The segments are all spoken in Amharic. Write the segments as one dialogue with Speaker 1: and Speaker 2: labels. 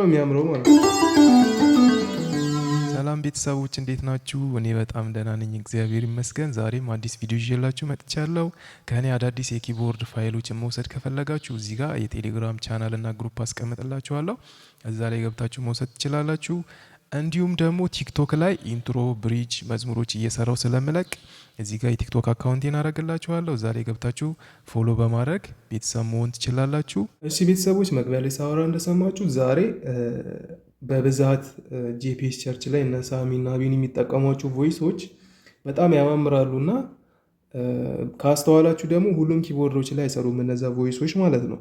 Speaker 1: ነው የሚያምረው ማለት ነው። ሰላም ቤተሰቦች እንዴት ናችሁ? እኔ በጣም ደህና ነኝ፣ እግዚአብሔር ይመስገን። ዛሬም አዲስ ቪዲዮ ይዤላችሁ መጥቻለሁ። ከእኔ አዳዲስ የኪቦርድ ፋይሎችን መውሰድ ከፈለጋችሁ እዚህ ጋር የቴሌግራም ቻናልና ግሩፕ አስቀምጥላችኋለሁ። እዛ ላይ ገብታችሁ መውሰድ ትችላላችሁ። እንዲሁም ደግሞ ቲክቶክ ላይ ኢንትሮ ብሪጅ መዝሙሮች እየሰራው ስለምለቅ እዚህ ጋር የቲክቶክ አካውንቴን አረግላችኋለሁ። እዛ ላይ ገብታችሁ ፎሎ በማድረግ ቤተሰብ መሆን ትችላላችሁ።
Speaker 2: እሺ ቤተሰቦች፣ መግቢያ ላይ ሳወራ እንደሰማችሁ ዛሬ በብዛት ጄፒኤስ ቸርች ላይ እነ ሳሚና የሚጠቀሟቸው ቮይሶች በጣም ያማምራሉ እና ካስተዋላችሁ ደግሞ ሁሉም ኪቦርዶች ላይ አይሰሩም እነዛ ቮይሶች ማለት ነው።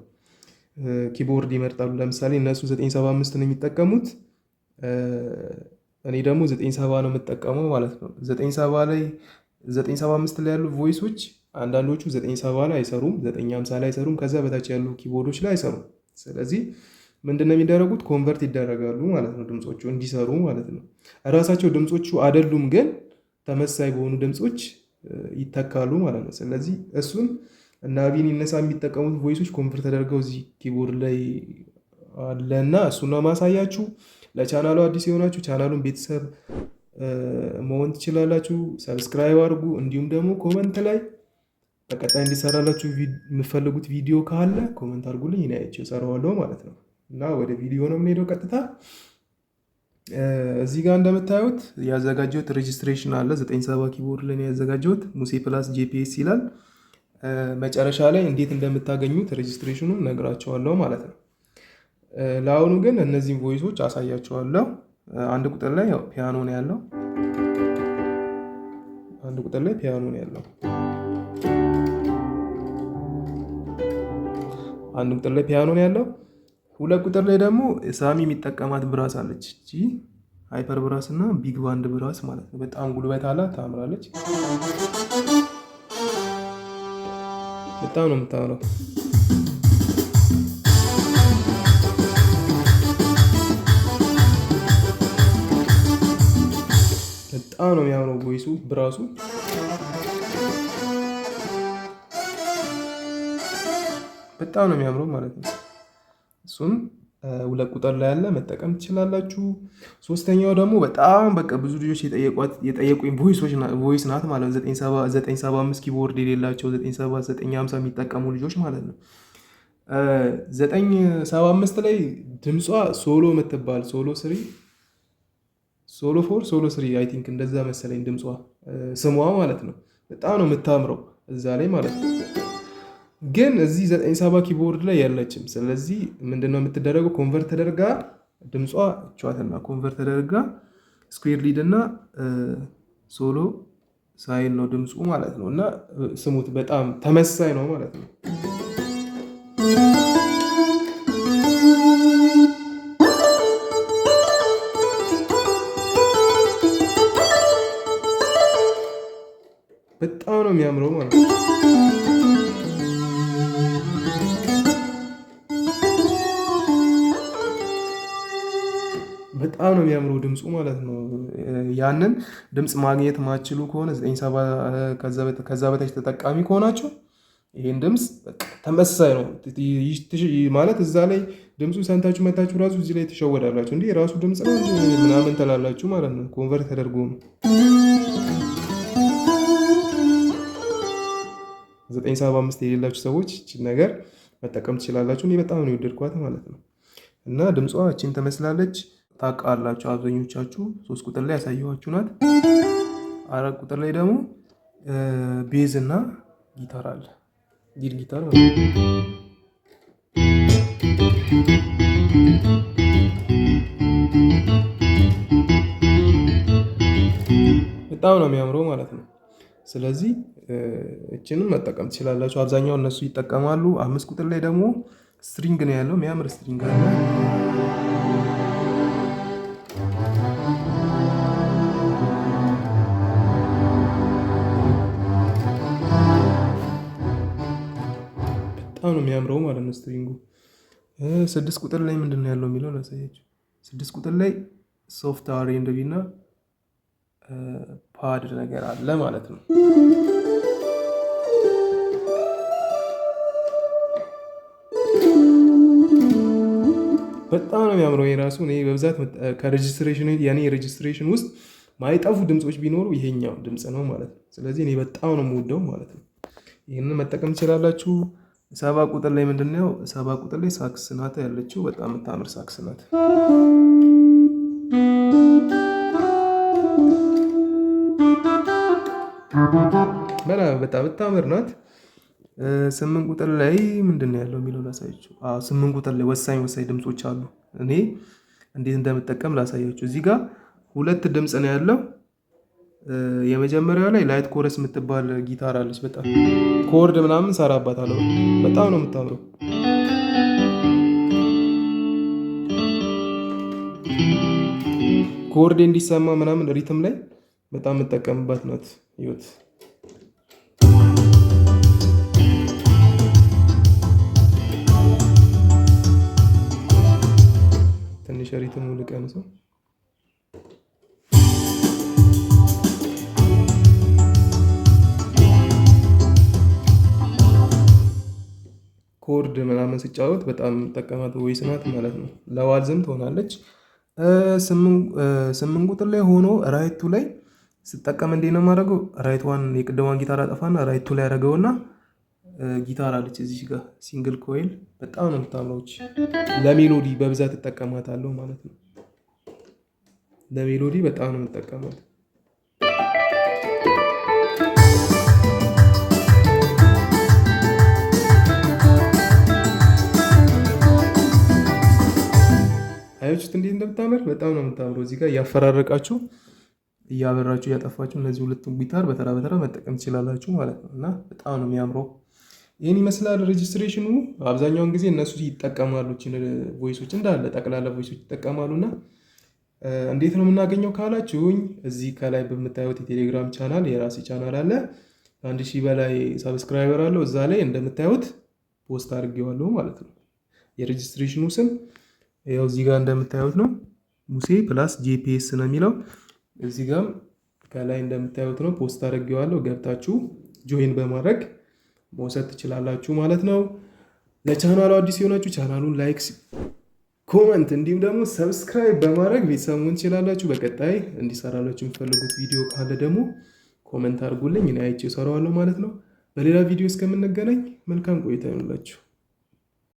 Speaker 2: ኪቦርድ ይመርጣሉ። ለምሳሌ እነሱ 975 ነው የሚጠቀሙት እኔ ደግሞ ዘጠኝ ሰባ ነው የምጠቀመው ማለት ነው። ዘጠኝ ሰባ ላይ ዘጠኝ ሰባ አምስት ላይ ያሉ ቮይሶች አንዳንዶቹ ዘጠኝ ሰባ ላይ አይሰሩም፣ ዘጠኝ ሃምሳ ላይ አይሰሩም፣ ከዛ በታች ያሉ ኪቦርዶች ላይ አይሰሩም። ስለዚህ ነው የሚደረጉት? ኮንቨርት ይደረጋሉ ማለት ነው፣ ድምፆቹ እንዲሰሩ ማለት ነው። እራሳቸው ድምፆቹ አይደሉም፣ ግን ተመሳይ በሆኑ ድምፆች ይተካሉ ማለት ነው። ስለዚህ እሱን እና አቢን ይነሳ የሚጠቀሙት ቮይሶች ኮንቨርት ተደርገው እዚህ ኪቦርድ ላይ አለ እና እሱን ነው ማሳያችሁ። ለቻናሉ አዲስ የሆናችሁ ቻናሉን ቤተሰብ መሆን ትችላላችሁ። ሰብስክራይብ አድርጉ። እንዲሁም ደግሞ ኮመንት ላይ በቀጣይ እንዲሰራላችሁ የምፈልጉት ቪዲዮ ካለ ኮመንት አድርጉልኝ፣ እኔ አይቼ እሰራዋለሁ ማለት ነው። እና ወደ ቪዲዮ ነው የምንሄደው ቀጥታ። እዚህ ጋር እንደምታዩት ያዘጋጀሁት ሬጅስትሬሽን አለ። 97 ኪቦርድ ላይ ያዘጋጀሁት ሙሴ ፕላስ ጂፒኤስ ይላል። መጨረሻ ላይ እንዴት እንደምታገኙት ሬጅስትሬሽኑን ነግራቸዋለሁ ማለት ነው። ለአሁኑ ግን እነዚህን ቮይሶች አሳያቸዋለሁ። አንድ ቁጥር ላይ ፒያኖ ነው ያለው። አንድ ቁጥር ላይ ፒያኖ ነው ያለው። አንድ ቁጥር ላይ ፒያኖ ነው ያለው። ሁለት ቁጥር ላይ ደግሞ ሳሚ የሚጠቀማት ብራስ አለች። እቺ ሃይፐር ብራስ እና ቢግ ባንድ ብራስ ማለት ነው። በጣም ጉልበት አላት፣ ታምራለች። በጣም ነው የምታምረው። በጣም ነው የሚያምረው ቮይሱ ብራሱ በጣም ነው የሚያምረው ማለት ነው። እሱም ሁለት ቁጥር ላይ ያለ መጠቀም ትችላላችሁ። ሶስተኛው ደግሞ በጣም በቃ ብዙ ልጆች የጠየቁኝ ቮይስ ናት ማለት ነው። 975 ኪቦርድ የሌላቸው 97950 የሚጠቀሙ ልጆች ማለት ነው። 975 ላይ ድምጿ ሶሎ የምትባል ሶሎ ስሪ ሶሎ ፎር ሶሎ ስሪ አይ ቲንክ እንደዛ መሰለኝ ድምጿ ስሟ ማለት ነው። በጣም ነው የምታምረው እዛ ላይ ማለት ነው። ግን እዚህ ዘጠኝ ሰባ ኪቦርድ ላይ ያለችም። ስለዚህ ምንድነው የምትደረገው? ኮንቨርት ተደርጋ ድምጿ እችዋትና ኮንቨርት ተደርጋ ስኩዌር ሊድ እና ሶሎ ሳይል ነው ድምፁ ማለት ነው። እና ስሙት፣ በጣም ተመሳይ ነው ማለት ነው። በጣም ነው የሚያምረው ማለት ነው። በጣም ነው የሚያምረው ድምፁ ማለት ነው። ያንን ድምፅ ማግኘት ማችሉ ከሆነ ዘጠኝ ሰባ ከዛ በታች ተጠቃሚ ከሆናችሁ ይህን ድምፅ ተመሳሳይ ነው ማለት እዛ ላይ ድምፁ ሰንታችሁ መታችሁ ራሱ እዚህ ላይ ትሸወዳላችሁ። እንዲህ የራሱ ድምፅ ነው ምናምን ተላላችሁ ማለት ነው። ኮንቨርት ተደርጎ ነው 975 የሌላችሁ ሰዎች ይችን ነገር መጠቀም ትችላላችሁ። እኔ በጣም ነው የወደድኳት ማለት ነው። እና ድምጿ እችን ትመስላለች። ታውቃላችሁ አብዛኞቻችሁ ሶስት ቁጥር ላይ ያሳየኋችሁ ናት። አራት ቁጥር ላይ ደግሞ ቤዝ እና ጊታር አለ። ሊድ ጊታር በጣም ነው የሚያምረው ማለት ነው። ስለዚህ እችንም መጠቀም ትችላላችሁ። አብዛኛው እነሱ ይጠቀማሉ። አምስት ቁጥር ላይ ደግሞ ስትሪንግ ነው ያለው፣ የሚያምር ስትሪንግ አለ። በጣም ነው የሚያምረው ማለት ነው ስትሪንጉ። ስድስት ቁጥር ላይ ምንድን ነው ያለው የሚለው ላሳያችሁ። ስድስት ቁጥር ላይ ሶፍት አሬንጅ እና ፓድ ነገር አለ ማለት ነው። በጣም ነው የሚያምረው። የራሱ እኔ በብዛት ከሬጅስትሬሽን ያኔ ሬጅስትሬሽን ውስጥ ማይጠፉ ድምፆች ቢኖሩ ይሄኛው ድምፅ ነው ማለት ነው። ስለዚህ እኔ በጣም ነው የምወደው ማለት ነው። ይህንን መጠቀም ትችላላችሁ። ሰባ ቁጥር ላይ ምንድን ነው ሰባ ቁጥር ላይ ሳክስ ናት ያለችው፣ በጣም የምታምር ሳክስ ናት። በጣም በጣም የምታምር ናት። ስምንት ቁጥር ላይ ምንድን ነው ያለው የሚለው ላሳያችሁ። ስምንት ቁጥር ላይ ወሳኝ ወሳኝ ድምፆች አሉ። እኔ እንዴት እንደምጠቀም ላሳያችሁ። እዚህ ጋር ሁለት ድምፅ ነው ያለው። የመጀመሪያው ላይ ላይት ኮረስ የምትባል ጊታር አለች። በጣም ኮርድ ምናምን ሰራባታለሁ። በጣም ነው የምታምረው። ኮርድ እንዲሰማ ምናምን ሪትም ላይ በጣም የምጠቀምባት ናት። ይወት ሸሪት ሙሉ ቀምሰው ኮርድ ምናምን ሲጫወት በጣም የምጠቀማት ወይስ ናት ማለት ነው። ለዋልዝም ትሆናለች። ስምንት ቁጥር ላይ ሆኖ ራይቱ ላይ ስጠቀም እንዴ ነው የማደርገው? ራይት ዋን የቅድሟን ጊታር አጠፋና ራይቱ ላይ ያደረገውና ጊታር አለች እዚህ ጋር ሲንግል ኮይል በጣም ነው የምታምረች። ለሜሎዲ በብዛት እጠቀማታለሁ ማለት ነው። ለሜሎዲ በጣም ነው የምጠቀማት። አያችሁት እንዴት እንደምታምር በጣም ነው የምታምረው። እዚህ ጋር እያፈራረቃችሁ እያበራችሁ እያጠፋችሁ እነዚህ ሁለቱም ጊታር በተራ በተራ መጠቀም ትችላላችሁ ማለት ነው እና በጣም ነው የሚያምረው። ይህን ይመስላል ሬጅስትሬሽኑ። አብዛኛውን ጊዜ እነሱ ይጠቀማሉ ቮይሶች እንዳለ ጠቅላላ ቮይሶች ይጠቀማሉ እና እንዴት ነው የምናገኘው ካላችሁኝ፣ እዚህ ከላይ በምታዩት የቴሌግራም ቻናል የራሴ ቻናል አለ። ከአንድ ሺህ በላይ ሳብስክራይበር አለው። እዛ ላይ እንደምታዩት ፖስት አድርጌዋለሁ ማለት ነው። የሬጅስትሬሽኑ ስም ያው እዚህ ጋር እንደምታዩት ነው፣ ሙሴ ፕላስ ጂፒኤስ ነው የሚለው። እዚህ ከላይ እንደምታዩት ነው፣ ፖስት አድርጌዋለሁ። ገብታችሁ ጆይን በማድረግ መውሰድ ትችላላችሁ ማለት ነው። ለቻናሉ አዲስ የሆናችሁ ቻናሉን ላይክ ኮመንት እንዲሁም ደግሞ ሰብስክራይብ በማድረግ ቤተሰቡን ትችላላችሁ። በቀጣይ እንዲሰራላችሁ የሚፈልጉት ቪዲዮ ካለ ደግሞ ኮመንት አድርጉልኝ፣ እኔ አይቼ እሰራዋለሁ ማለት ነው። በሌላ ቪዲዮ እስከምንገናኝ መልካም ቆይታ ይኑላችሁ።